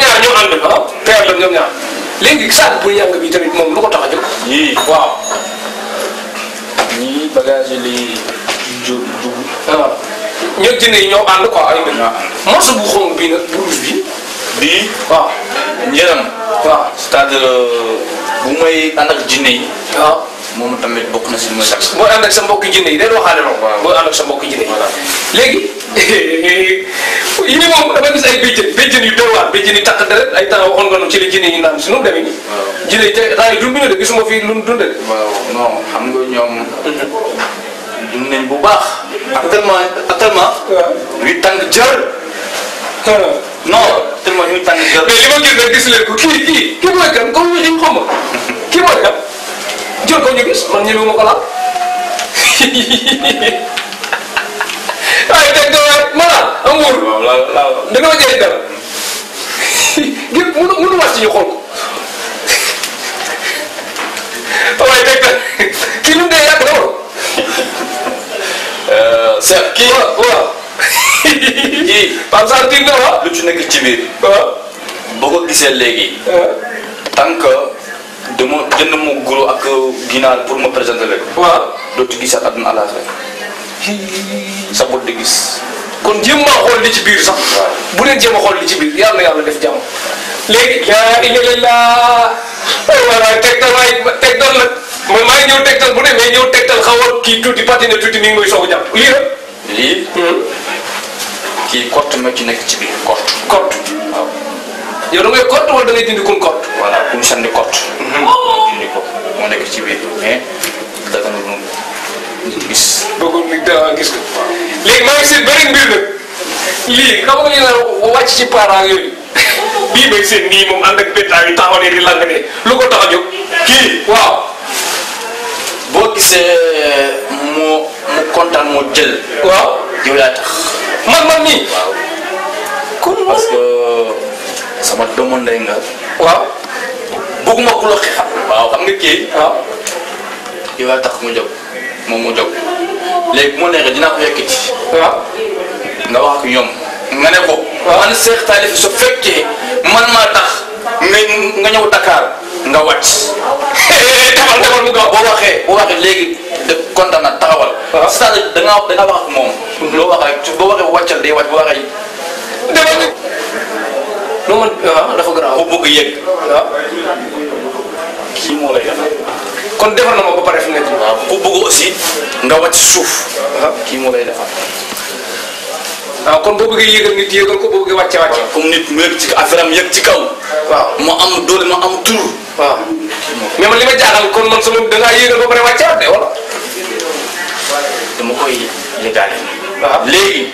ñaar ñoo ànd ah, ñoom ñaar léegi saako bu yàgg bi tamit moom loo ko tax a jóg. yii waaw. ñii bagage yi lay jóg dugub. waaw ñoo jëndee ñoo ah. bu xonk bii nag bu rouge bi bii. Ah. Ah. Euh, bu may ànd ak jinne yi. waaw moom tamit bokk na si mooy. booy ànd ak sa mbokki jinne yi day waxaale léegi. ini mau dama gis saya béjjën béjjën di doy waar di yi takk deret ay orang waxoon nga nu ci la ini yi naan si nu mu demee nii jine yi te raay dund ñu de gisuma fii lu dund de waaw non xam nga ñoom no nañ bu baax actuellement actuellement ñu non tellement ñu mais li ma gis nga gis leen ko kii kii kii ñu ko ñu gis man ñëwuma ko am wóor. la la danoo jëriñ dara. ngir mënu mënu wàcc ñu xool ko. waaye teg na kii li mu dee yàgg na woon. Cheikh kii waaw waaw. kii Pape Sarr tiit na waaw. lu nekk ci biir. waaw boo ko gisee léegi. tant que dama jënd mu guro ak ginaar pour ma présenter leen. waaw dootu gisaat àdduna sa bët di gis. kon jéem a xool ci biir sax bu leen jéem a xool li ci biir yàlla na yàlla def jàmm léegi laa ilaha illallah voilà tegtal waay tegtal nag man maa ngi ñëw tegtal bu demee ñëw tegtal a kii tuuti patine tuuti mi ngi may soog a jàpp lii rek. lii. Hmm? kii kott ma ci nekk ci biir kott. kott waaw. yow da ngay kott wala da ngay kott. voilà ku ñu kott. Hmm. dindi ko moo nekk ci gis bëggoon ni daaw gis ko léegi maa ngi seen mbir nag lii xam nga lii la wàcc ci ak yi taxaw di lang ne lu ko tax a jóg waaw boo gisee moo mu kontaan mo jël waaw jiw laa tax man man nii waaw kon parce que sama domon ndey nga waaw bugguma ku la xeexal waaw xam nga waaw tax mu moom mu jóg léegi moo ma neexee dinaa ko yëkkati. waaw nga wax ak ñoom. nga ne ko. man Cheikh Talif su fekkee man maa tax nga nga ñëw Dakar nga wàcc. Eh, eh, eh, defal boo waxee boo waxee kontaan na taxawal. waaw c'est-à-dire wax moom. Mhm. loo wax rek boo waxee wàccal day wàcc waxee. defal noo mën dafa gën a. bëgg yëg. waaw kii moo lay kon defar na ma ko pare fi nekk. waaw ku bëgg aussi nga wàcc suuf. kii moo lay defar. waaw kon boo bëggee yëgal nit yëgal ko bëggee wàcce wàcce. comme nit mu yëg ci affaire yëg ci kaw. waaw mu am doole mu am tur. waaw mais man li ma jaaxal kon man sama dangaa yëgal ba pare wàcce wàcce dama koy yëgaale. léegi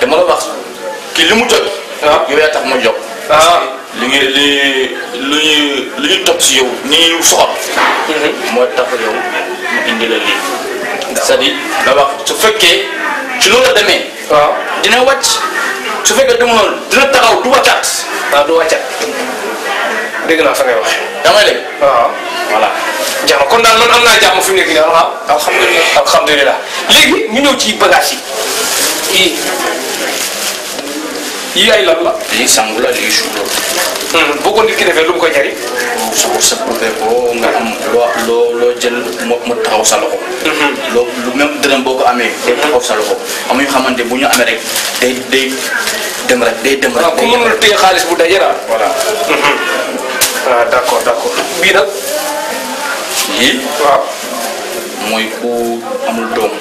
dama la wax ki li mu jot. waaw yow tax ma jóg. waaw li ngay li lu ñuy lu ñu topp si yow ni ñu soxal. Mhm. mooy tax yow mu indi la lii. cest fekkee ci loolu demee. dina wàcc su fekkee demul noonu dina taxaw du wàccaat. waaw du fa ngay wax. damay dégg. waaw voilà. jax na fi mu nekk nii alhamdulilah alhamdulilah léegi ci bagage yii ay lan la. lii sangu la lii suuf hmm, ko nit ki defee lu mu koy jariñ. sa wërsëg bu fekkoo nga am loo loo jël moo mu taxaw sa loxo. Hmm. loo lu même boo ko amee. day hmm. taxaw sa loxo am xamante bu ñu amee rek day day dem rek day dem rek. waaw ah, ku mënul téye xaalis bu daje daal. voilà. ah d' accord d' accord bii nag. lii. waaw. mooy ku amul doom.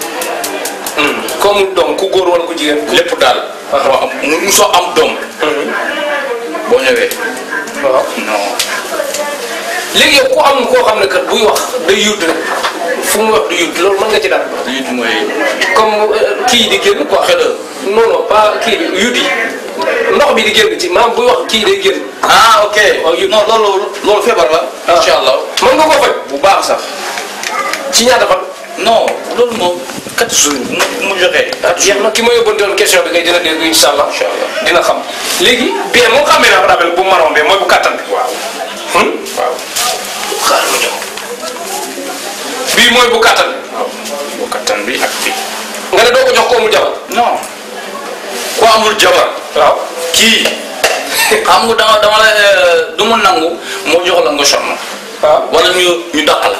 comme doom ku góor wala ku jigéen. lépp daal. Ah. waaw am soo am doom. Hmm. boo ñëwee. waaw non. léegi yow ku am koo xam ne kat buy wax day yudd rek fu mu wax du yudd loolu mën nga ci dara. mooy. comme euh, kii di génn quoi. xëy bi di génn ci maanaam buy wax ah ok loolu loolu feebar la. Ah. incha allah mën nga ko faj bu baax sax. ci ñaata fan. non loolu moom quatre mu mu joxe. quatre jours na ki ma yóbbu doon question bi ngay dina dégg incha allah. incha allah dina xam léegi. bien moom xamee naa rabel bu maroon bi mooy bu kattan bi. waaw. Hmm? bii mooy bu kattan. waaw bu kattan bi ak bi nga ne doo ko jox ko mu jabar. non. amul jabar. waaw kii. xam nga dama dama la euh, du mu nangu moo jox la nga sonn. waaw ah. wala ñu ñu dàq la.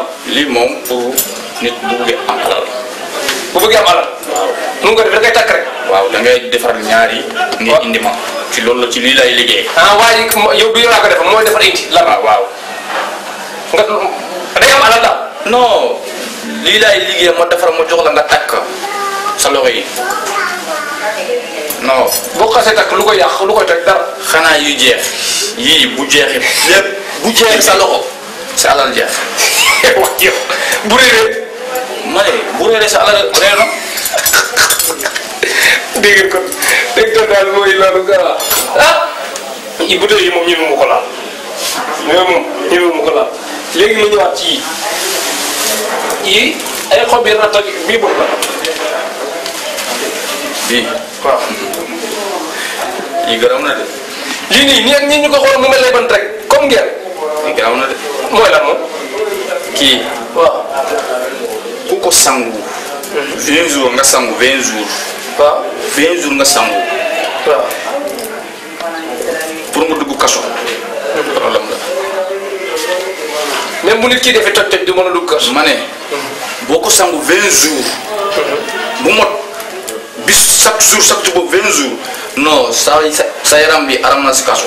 lii moom pour nit bu bëggee am bu bëggee am alal nu ko def da ngay takk rek waaw da ngay defar ñaari ni indi ma ci loolu ci lii lay liggéey ah waaye yow du yow laa ko defar mooy defar indi la waaw waaw nga day am alal daal non lii laay liggéey ma defar ma jox la nga takk sa loxo yi non boo xasee takk lu ko yàq lu ko teg dara xanaa yu jeex yii bu jeexee lépp bu jeex sa loxo sa alal jeex wax ci yow bu réeré ma ne na dégg nga kon dégg daal mooy loolu gara ah i bouteille yi moom ñëwee mu ko laal ñëwee moom ñëwee mu ko laal léegi ma ñëwaat ci yi ay xob yi ratal bii boobu la bii waaw yi gërëm na de li nii ñeent ñi ñu ko xool mu mel ne bant rek comme ngeen. lii gaaw na de ku ko sangu. 20 nga sangu 20 jours. waaw 20 jours nga sangu. pour mu dugg kaso. Mhm. problème la. même bu nit kii defee toj toj a dugg kaso. ma mhm. boo ko sangu 20 jours. Mhm. bu mot bis chaque jour chaque jour boobu 20 jours. non saa sa sa yaram bi aram na si kaso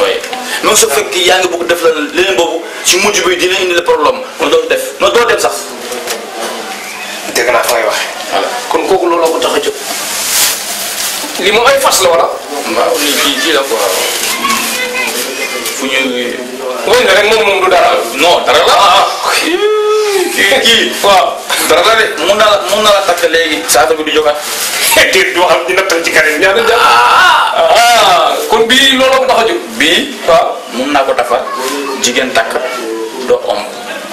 oui même su fekkee yaa ngi bëgg def la leneen bobu ci mujju bi dina indi le problème kon do def non do def sax dégg naa fay wax kon koku lolo ko tax li mo ay fas la wala ah? ba ni ci ci la quoi fu ñu nga rek mom mom du dara non dara la ah, ah. kii kii waaw. dara dara de mun naa la mun naa la takk léegi saa bi du jógaat. déet du xam dina tënk ci keneen ñaata da ah, ah, ah kon bii loolu ko tax a jóg. bii mun naa ko defar jigéen takk doo om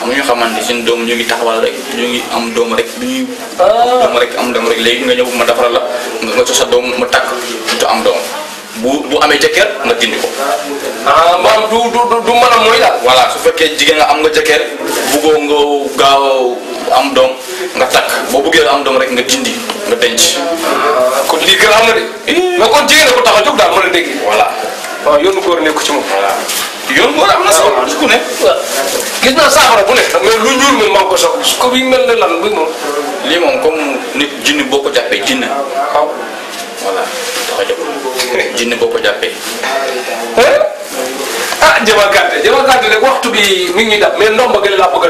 am ñu xamante suñu doom ñu ngi taxawal rek ñu ngi am doom rek du ñuy. Ah. doom rek am doom rek léegi nga ñëw ma defaral la nga sos sa doom mu takk du am doom. bu bu amee jëkkër nga dindi ko ah maanaam du du du mën a mooy daal voilà su fekkee jigéen nga am nga jëkkër buggoo nga gaaw am doom nga takk boo buggee am doom rek nga dindi nga denc kon lii gën a am na de mais kon jigéen ko tax a jóg dégg voilà waaw yoonu nekk ci moom voilà yoon góor am na solo ku ne gis naa saafara bu ne lu ñuul moom maa ngi ko soxla ko bi mel ne lan bi moom lii moom comme nit jinni boo ko jàppee jinne voilà dafa jóg jinne boo ko jàppee. ah Jamal Kanté Jamal Kanté nag waxtu bi mi ngi ñuy dab mais ndomba gën laa bëgg a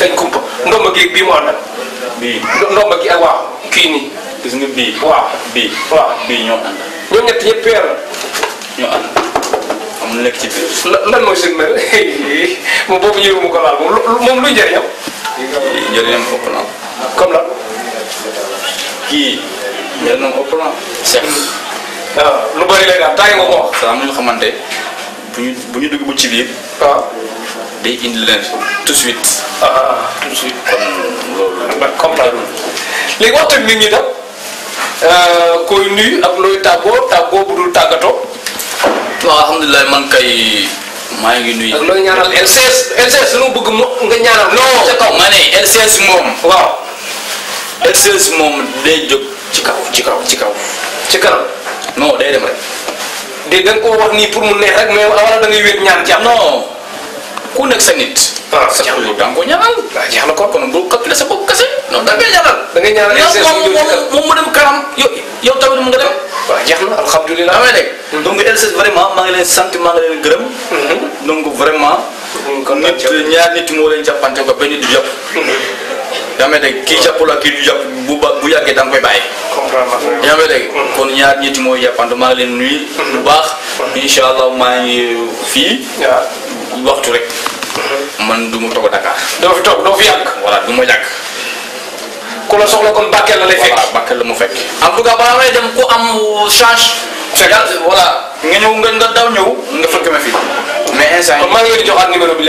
dañ kumpa ndomba gi bii moo àndal. bii ndomba gi ak waaw kii nii. gis nga bii waaw bii waaw bii ñoo àndal. peer ñoo àndal. am na lekk ci biir. moom lu moom luy njëriñam. njëriñam foofu la. kii. yal na ah, lu bëri lay daal tàyyi nga ko wax. am na xamante bu ñu bu ñu dugg bu ci biir. waaw. Ah. day ah, léegi waxtu bi nit ñi koy nuyu ak looy tàggoo tàggoo bu dul tàggatoo. waaw alhamdulilah man kay. maa ngi nuyu. ak looy ñaanal LCS LCS lu bëgg mu nga ñaanal. non ca kaw ma ne LCS moom. waaw. LCS moom day jóg. ci kaw ci kaw No, kaw ci kanam non day dem rek de dang ko wax ni pour mu neex rek mais wala da ngay wét ñaan jàpp No, ku nekk sa nit ah, sa xol dang ko ñaanal waaw jeex na ko kon bu xatu la sa bopp kese no da ngay ñaanal da ngay ñaanal yow moom mu dem kanam yow yow tamit mu nga dem waaw jeex na alhamdulilah amee rek donc LCS vraiment maa ngi leen sant maa ngi leen gërëm donc vraiment nit ñaar nit moo leen jàppante ko benn du jàpp Je kiicappula kiidu buya ke tan koy baye yamede kon ñaar ñetti mooy yappandu maa leen nuyu bu baax inshallah maa ngi fii waxtu ya. rek man du ma Dakar doo fi toog doo eh, fi yàgg voilà du ma yàgg la soxla kon bàkkeel la lay fekk voilà la mu fekk en tout cas balaa may dem am change fekk nga nga daw nga fekk ma mais instant ngi di numéro bi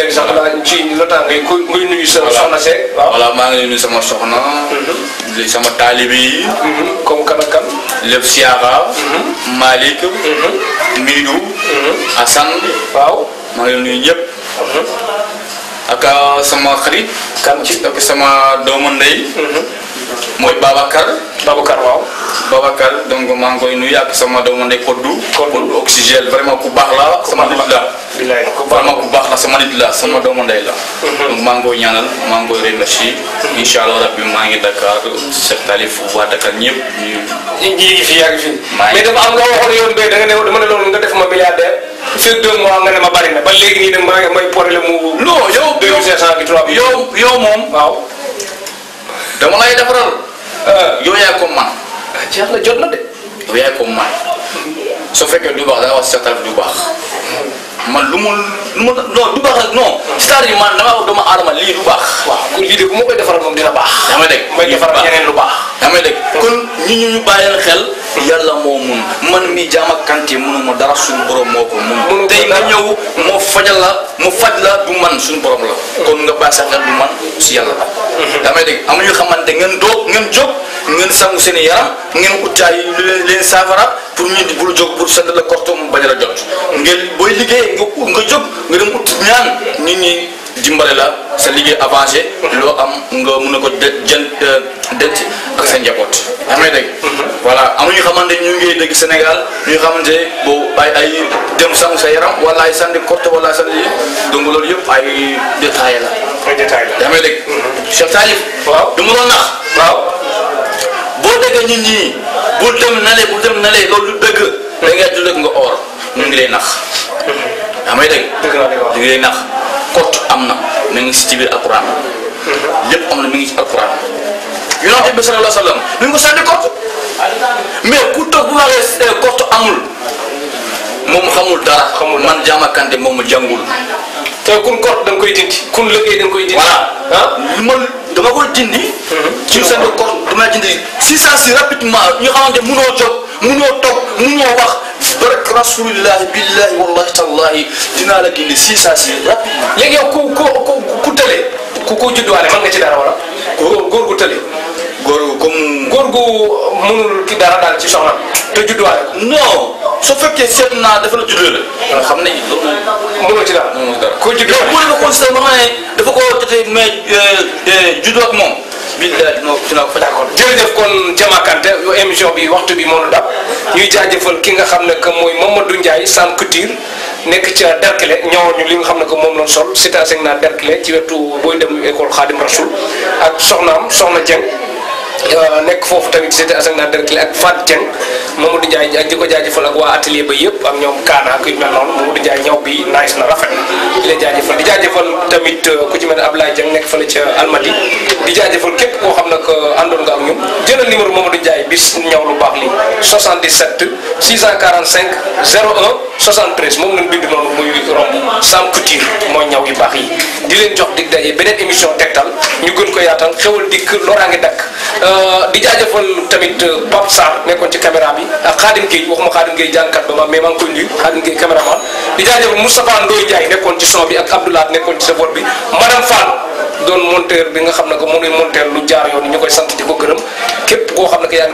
mais ku muy nuyu sa soxna see. sama soxna. Mhm. sama taalibe yi. Mhm. comme kan ak kan. lépp siyaara. Mhm. Malick. Miidu. waaw maa ngi nuyu ñëpp. ak ah, sama xarit. kan ci sama doomu ndey. mooy Babacar. Babacar waaw. Babacar donc maa ngi koy nuyu sama doomu ndey Koddu. Koddu oxygène vraiment ku baax la sama nit la. bilaay ku baax vraiment la sama nit la sama mm-hmm. doomu ndey la. Mm-hmm. donc maa ngi koy ñaanal maa ngi koy remercier. Mm-hmm. incha allah rabbi maa ngi Dakar Cheikh Talif waa Dakar ñëpp ñu. ngi fi yaa ngi fi. mais dafa am nga waxoon yoon bee da nga ne dama ne loolu nga def ma milliardaire. fii deux mois nga ne ma bari na ba léegi nii nag maa ngi may problème mu. non yow yow yow moom waaw. dama lay defaral euh. yow yaay ko man ah jot na de yow yaay ko man su fekkee du baax danga wax sa du baax man lu mu lu mu du baax rek non c'est-à-dire man damaa doomu aadama lii du baax. waaw lii de bu ma koy defaral moom dina baax. yaa may dégg may defaral ñeneen lu baax. yaa may dégg kon ñi ñu ñu xel. yàlla moo mun man mi jaam ak Kanté mënuma dara suñu borom moo ko mun. tey nga ñëw moo fajal la mu faj la du man suñu borom la. kon nga a sa xel du man si yàlla la. Mhm. yaa am na xamante ngeen doog ngeen jóg. ngeen sangu seen yaram ngeen uttaay leen saafara pour ñu di bul jóg pour sant la korto mu bañ a jot ngeen booy liggéey nga jóg nga dem ut ñaan nit ñi dimbale la sa liggéey avancé loo am nga mun a ko de jën euh, denc ak seen njaboot amee dégg mhm. voilà amuñu xamante ñu ngi dégg Sénégal ñu xamante boo ay ay dem sangu sa yaram wala ay sandi korte wala sandi yi donc loolu yëpp ay détail la ay détail la mhm. amee nax waaw boo dëgg ñun dem na dem na lee dëgg da ngay dundal nga or hmm. am na mi ngi si ci biir alquran hmm. lépp am na mi ngi ci alquran yonent bi sallallahu alayhi wa sallam mi ngi ko sànni kott mais ku toog bu waxee kott eh, amul moom xamul dara man Jaama Kanté moom ma jàngul te kun gor da nga koy dindi kun liggéey da nga koy dindi. voilà ah man dama koy dindi. Mhm. ci seen gor dama dindi si ça si rapidement ñu xamante mënoo jóg mënoo toog mënoo wax. barke rasulillahi billahi wallahi tallahi dinaa la gindi si ça si rapidement. léegi ku ku ku ku tële ku ko juddwaale mën nga ci dara wala. góor góor góor gu comme. góor gu mënul ki dara daal ci soxna te judduwaay. non su fekkee seet naa dafa la juddoo xam nañ loolu. mënoo ci dara mënoo ci dara. ko constaté euh, euh, moom. bii de dinaa dinaa ko fa d'accord jërëjëf kon Diama Kanté bi waxtu bi moo ñu dab ñuy ki nga xam ne que mooy Mamadou Ndiaye Sam Couture nekk ci ca Derklé ñëwoon ñu li nga xam ne que moom lañ sol cité Asegna Derklé ci wetu booy dem école Khadim Rasoul ak soxnaam soxna Dieng. Euh, nekk foofu tamit société artisanale de Derklé ak Fatou Dieng Mamadou Ndiaye di ko jaajëfal ak waa atelier ba yëpp ak ñoom Kaana ak yu mel noonu Mamadou Ndiaye ñaw bi nice na rafet di leen jaajëfal di jaajëfal tamit euh, ku ci mel ne Ablaye Dieng nekk fële ca Almadi di jaajëfal képp koo xam ne que euh, àndoon nga ak ñun jëlal numéro Mamadou bis ñaw lu baax li 77 645 01 73 moom lañ bind noonu muy romb sam couture mooy ñaw yu baax yi di leen jox dig daje beneen émission tegtal ñu gën ko yaatal xewal dikk loraange dakk euh, di tamit euh, Pape Sarr nekkoon ci caméra bi ak Khadim Gueye waxuma Khadim Gueye jàngkat ba ma mais maa ngi koy nuyu Khadim Gueye caméraman di jaajëfal Moustapha Ndoye Ndiaye nekkoon ci son bi ak Abdoulaye nekkoon ci support bi madame Fall doon monteur bi nga monteur lu jaar yoon ñu sant di ko yaa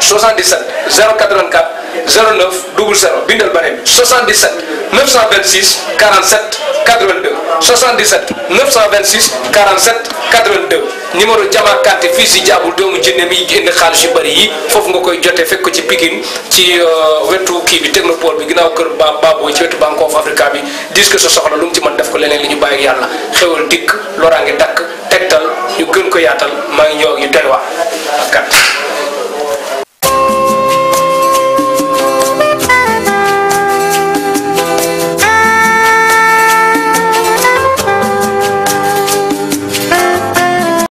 77 084 09 00 bindal bareen 77 926 47 82 77 926 47 82 numéro Diama Kanté fii si jaabul doomu jinne mi génn xaalis yu bëri yi foofu nga koy jotee fekk ko ci Pikine ci euh, wetu kii bi technopole bi ginnaaw kër ba Baboy ci wetu Banque of Africa bi dis que sa soxla lu mu ci mën def ko leneen li ñu bàyyi yàlla xewal dikk loraange dakk tegtal ñu gën ko yaatal maa ngi ñëw ak yu doy waar